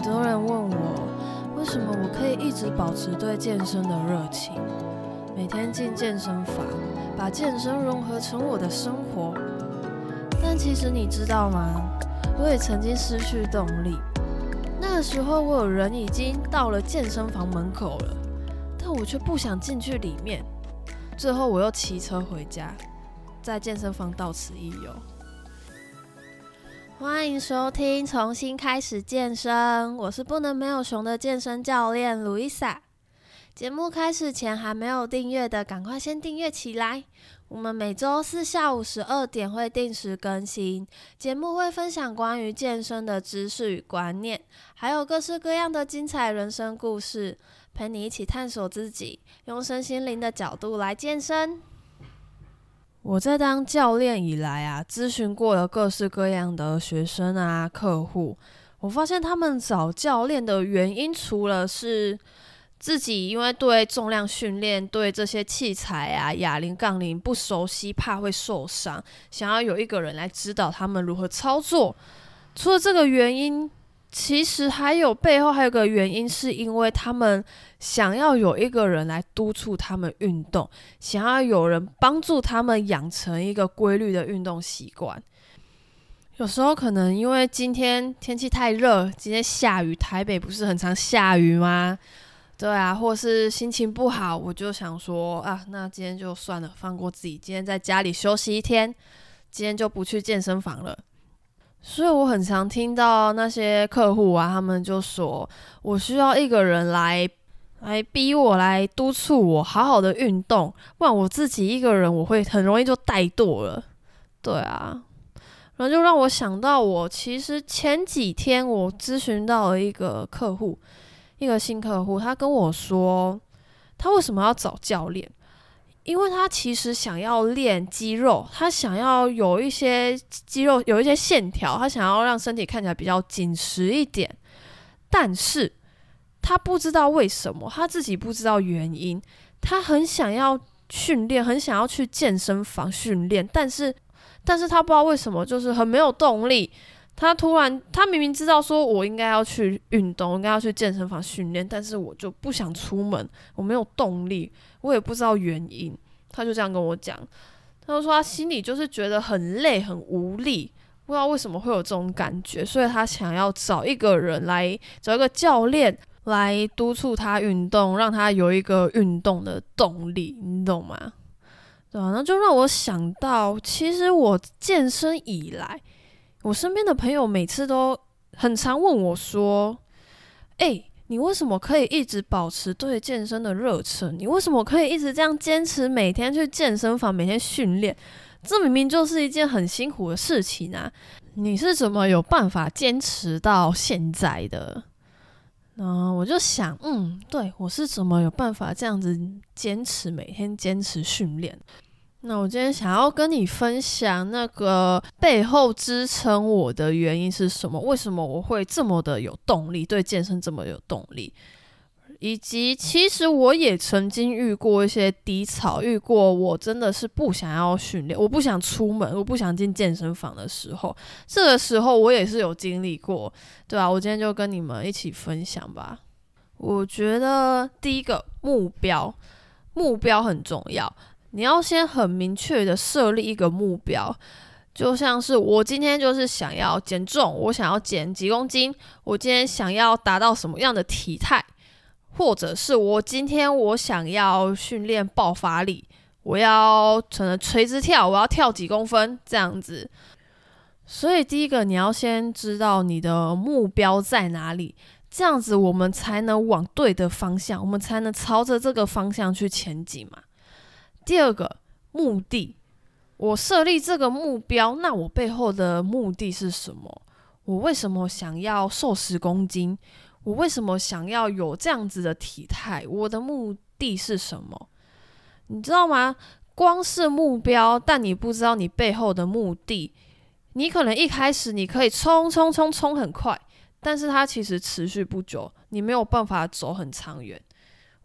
很多人問我，為什麼我可以一直保持對健身的熱情，每天進健身房，把健身融合成我的生活。但其實你知道嗎？我也曾經失去動力。那時候我有人已經到了健身房門口了，但我卻不想進去裡面。最後我又騎車回家，在健身房到此一遊。歡迎收聽《重新開始健身》，我是不能沒有熊的健身教練露易莎。節目開始前還沒有訂閱的，趕快先訂閱起來。我們每周四下午十二點會定時更新，節目會分享關於健身的知識與觀念，還有各式各樣的精彩人生故事，陪你一起探索自己，用身心靈的角度來健身。我在當教練以來啊，諮詢過了各式各樣的學生啊、客戶，我發現他們找教練的原因，除了是自己因為對重量訓練、對這些器材啊、啞鈴、槓鈴不熟悉，怕會受傷，想要有一個人來指導他們如何操作。除了這個原因。其實還有背後還有個原因，是因為他們想要有一個人來督促他們運動，想要有人幫助他們養成一個規律的運動習慣。有時候可能因為今天天氣太熱，今天下雨，台北不是很常下雨嗎？對啊，或是心情不好，我就想說啊，那今天就算了，放過自己，今天在家裡休息一天，今天就不去健身房了。所以我很常聽到那些客戶啊，他們就說：“我需要一個人來來逼我，來督促我好好的運動，不然我自己一個人我會很容易就怠惰了。”對啊，然後就讓我想到我，我其實前幾天我諮詢到了一個客戶，一個新客戶，他跟我說，他為什麼要找教練。因為他其實想要練肌肉，他想要有一些肌肉，有一些線條，他想要讓身體看起來比較緊實一點。但是，他不知道為什麼，他自己不知道原因。他很想要訓練，很想要去健身房訓練，但是，但是他不知道為什麼，就是很沒有動力。他突然，他明明知道說我應該要去運動，應該要去健身房訓練，但是我就不想出門，我沒有動力。我也不知道原因，他就這樣跟我講，他就說他心裡就是覺得很累、很無力，不知道為什麼會有這種感覺，所以他想要找一個人來，找一個教練來督促他運動，讓他有一個運動的動力，你懂嗎？對啊，那就讓我想到，其實我健身以來，我身邊的朋友每次都很常問我說：“哎、欸。”你為什麼可以一直保持對健身的熱忱？你為什麼可以一直這樣堅持每天去健身房、每天訓練？這明明就是一件很辛苦的事情啊！你是怎麼有辦法堅持到現在的？那我就想，嗯，對我是怎麼有辦法這樣子堅持每天堅持訓練？那我今天想要跟你分享，那個背後支撐我的原因是什麼？為什麼我會這麼的有動力，對健身這麼有動力？以及其實我也曾經遇過一些低潮，遇過我真的是不想要訓練，我不想出門，我不想進健身房的時候，這個時候我也是有經歷過，對吧、啊？我今天就跟你們一起分享吧。我覺得第一個目標，目標很重要。你要先很明確的設立一個目標，就像是我今天就是想要減重，我想要減幾公斤，我今天想要達到什麼樣的體態，或者是我今天我想要訓練爆發力，我要可能垂直跳，我要跳幾公分這樣子。所以第一個，你要先知道你的目標在哪裡，這樣子我們才能往對的方向，我們才能朝着這個方向去前進嘛。第二個目的，我設立這個目標，那我背後的目的是什麼？我為什麼想要瘦十公斤？我為什麼想要有這樣子的體態？我的目的是什麼？你知道嗎？光是目標，但你不知道你背後的目的，你可能一開始你可以衝冲冲衝很快，但是它其實持續不久，你沒有辦法走很長遠。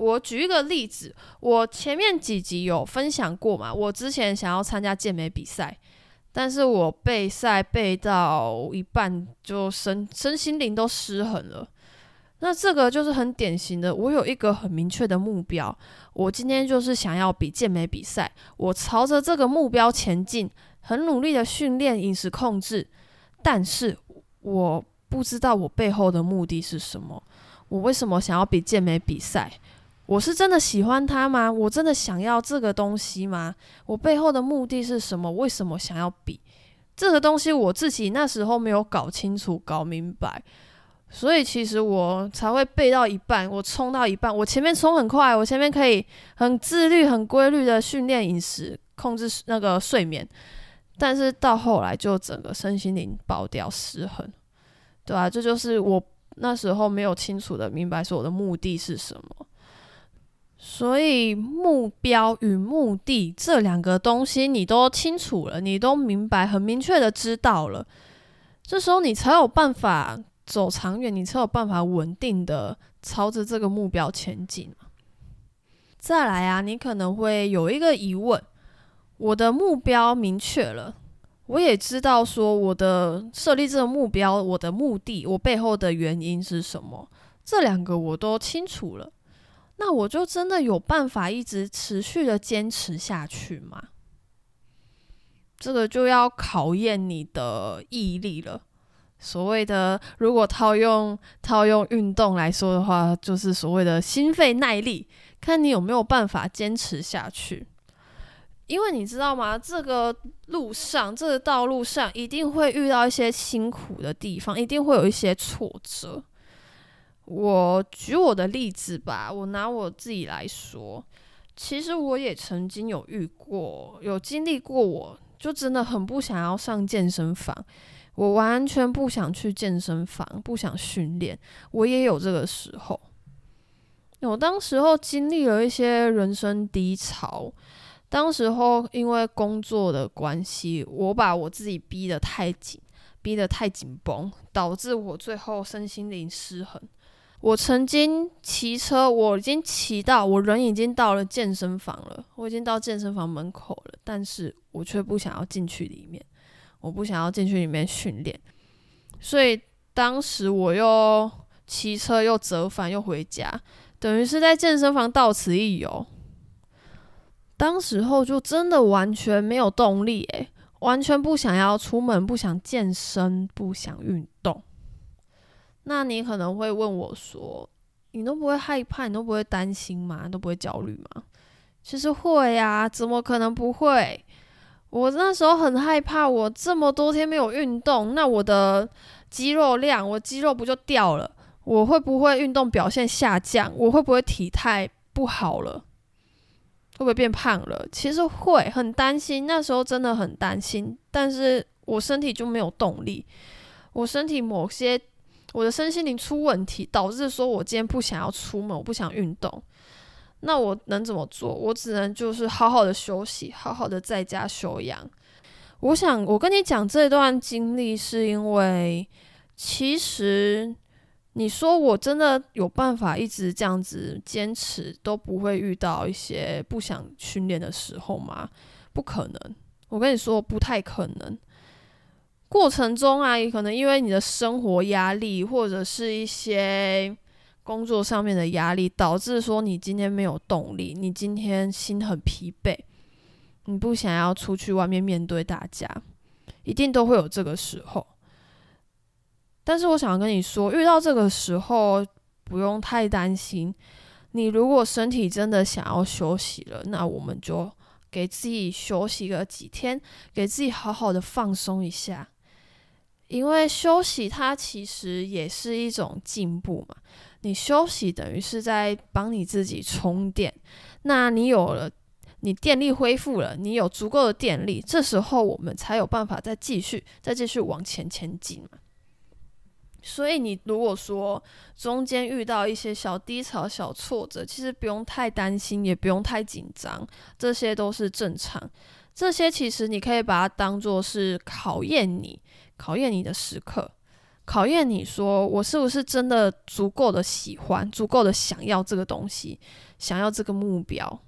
我舉一個例子，我前面幾集有分享過嘛，我之前想要參加健美比賽，但是我備賽備到一半，就身身心靈都失衡了。那這個就是很典型的。我有一個很明確的目標，我今天就是想要比健美比賽，我朝着這個目標前進，很努力的訓練、飲食控制，但是我不知道我背後的目的是什麼，我為什麼想要比健美比賽？我是真的喜歡他嗎？我真的想要這個東西嗎？我背後的目的是什麼？為什麼想要比這個東西？我自己那時候沒有搞清楚，搞明白，所以其實我才會背到一半，我衝到一半，我前面衝很快，我前面可以很自律，很規律的訓練飲食，控制那個睡眠，但是到後來就整個身心靈爆掉失衡，對吧，啊？這就是我那時候沒有清楚的明白，說我的目的是什麼。所以，目標與目的這兩個東西，你都清楚了，你都明白，很明確的知道了。這時候，你才有辦法走長遠，你才有辦法穩定的朝着這個目標前進。再來啊，你可能會有一個疑問：我的目標明確了，我也知道說我的設立這個目標，我的目的，我背後的原因是什麼？這兩個我都清楚了。那我就真的有辦法一直持續的堅持下去嗎？這個就要考驗你的毅力了。所謂的，如果套用套用運動來說的話，就是所謂的心肺耐力，看你有沒有辦法堅持下去。因為你知道嗎？這個路上，這個道路上，一定會遇到一些辛苦的地方，一定會有一些挫折。我舉我的例子吧，我拿我自己來說，其實我也曾經有遇過，有經歷過，我就真的很不想要上健身房，我完全不想去健身房，不想訓練，我也有這個時候。我當時候經歷了一些人生低潮，當時候因為工作的關係，我把我自己逼得太緊，逼得太緊繃，導致我最後身心靈失衡。我曾經騎車，我已經騎到，我人已經到了健身房了，我已經到健身房門口了，但是我卻不想要進去裡面，我不想要進去裡面訓練，所以當時我又騎車又折返又回家，等於是在健身房到此一遊。當時候就真的完全沒有動力、欸，誒，完全不想要出門，不想健身，不想運動。那你可能會問我說：“你都不會害怕，你都不會擔心嗎？你都不會焦慮嗎？”其實會呀、啊，怎麼可能不會？我那時候很害怕，我這麼多天沒有運動，那我的肌肉量，我肌肉不就掉了？我會不會運動表現下降？我會不會體態不好了？會不會變胖了？其實會，很擔心。那時候真的很擔心，但是我身體就沒有動力，我身體某些。我的身心靈出問題，導致說我今天不想要出門，我不想運動。那我能怎麼做？我只能就是好好的休息，好好的在家休養。我想，我跟你講這段經歷，是因為其實你說我真的有辦法一直這樣子堅持，都不會遇到一些不想訓練的時候嗎？不可能，我跟你說，不太可能。過程中啊，也可能因為你的生活壓力，或者是一些工作上面的壓力，導致說你今天沒有動力，你今天心很疲憊，你不想要出去外面面對大家，一定都會有這個時候。但是我想跟你說，遇到這個時候不用太擔心，你如果身體真的想要休息了，那我們就給自己休息個幾天，給自己好好的放鬆一下。因為休息，它其實也是一種進步嘛。你休息等於是在幫你自己充電，那你有了，你電力恢復了，你有足夠的電力，這時候我們才有辦法再繼續、再繼續往前前進嘛。所以你如果說中間遇到一些小低潮、小挫折，其實不用太擔心，也不用太緊張，這些都是正常。這些其實你可以把它當做是考驗你、考驗你的時刻，考驗你說我是不是真的足夠的喜歡、足夠的想要這個東西、想要這個目標。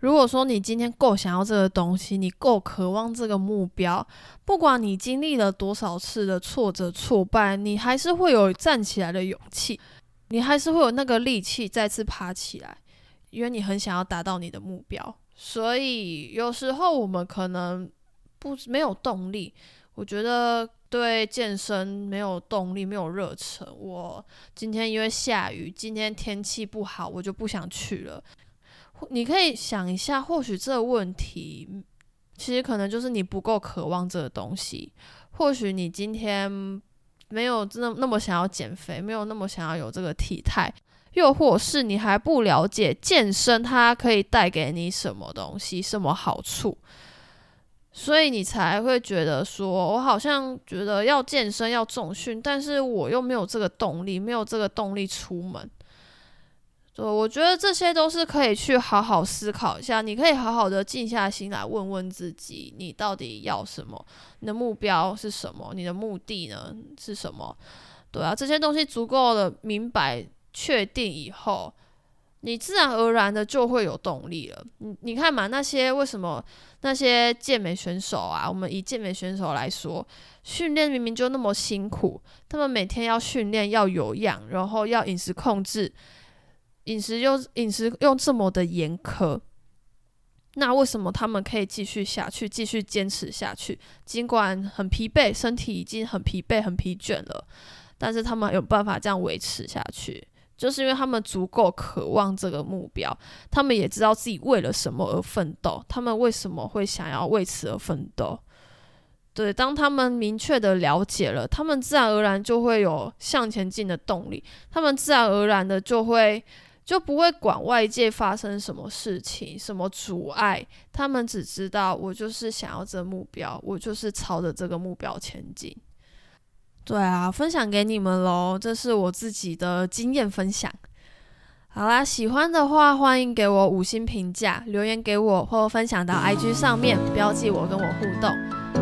如果說你今天夠想要這個東西，你夠渴望這個目標，不管你經歷了多少次的挫折挫敗，你還是會有站起來的勇氣，你還是會有那個力氣再次爬起來，因為你很想要達到你的目標。所以有時候我們可能不沒有動力，我覺得對健身沒有動力、沒有熱忱。我今天因為下雨，今天天氣不好，我就不想去了。或你可以想一下，或許這個問題其實可能就是你不夠渴望這個東西。或許你今天沒有那那麼想要減肥，沒有那麼想要有這個體態。又或是你還不了解健身，它可以帶給你什麼東西、什麼好處，所以你才會覺得說，我好像覺得要健身、要重訓，但是我又沒有這個動力，沒有這個動力出門。對，我覺得這些都是可以去好好思考一下。你可以好好的靜下心來，問問自己，你到底要什麼？你的目標是什麼？你的目的呢是什麼？對啊，這些東西足夠的明白。確定以後，你自然而然的就會有動力了。你你看嘛，那些為什麼那些健美選手啊，我們以健美選手來說，訓練明明就那麼辛苦，他們每天要訓練，要有氧，然後要飲食控制，飲食又飲食又這麼的嚴苛，那為什麼他們可以繼續下去，繼續堅持下去？儘管很疲憊，身體已經很疲憊、很疲倦了，但是他們有辦法這樣維持下去。就是因為他們足夠渴望這個目標，他們也知道自己為了什麼而奮鬥，他們為什麼會想要為此而奮鬥？對，當他們明確的了解了，他們自然而然就會有向前進的動力，他們自然而然的就會就不會管外界發生什麼事情、什麼阻礙，他們只知道我就是想要這個目標，我就是朝着這個目標前進。對啊，分享給你們嘍，這是我自己的經驗分享。好啦，喜歡的話歡迎給我五星評價，留言給我或分享到 IG 上面，標記我跟我互動。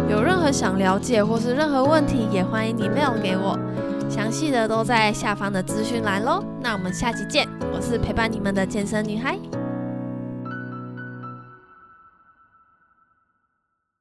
有任何想了解或是任何問題，也歡迎你 mail 給我，詳細的都在下方的資訊欄嘍。那我們下期見，我是陪伴你們的健身女孩。